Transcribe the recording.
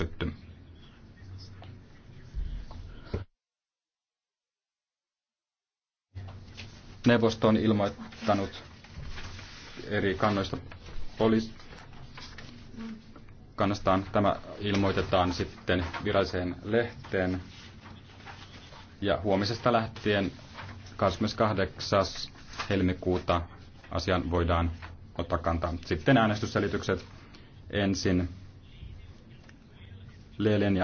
hyväksytty. Neuvosto on ilmoittanut eri kannoista poliis kannastaan. Tämä ilmoitetaan sitten viralliseen lehteen. Ja huomisesta lähtien 28. helmikuuta asian voidaan ottaa kantaa. Sitten äänestysselitykset ensin. Leelen ja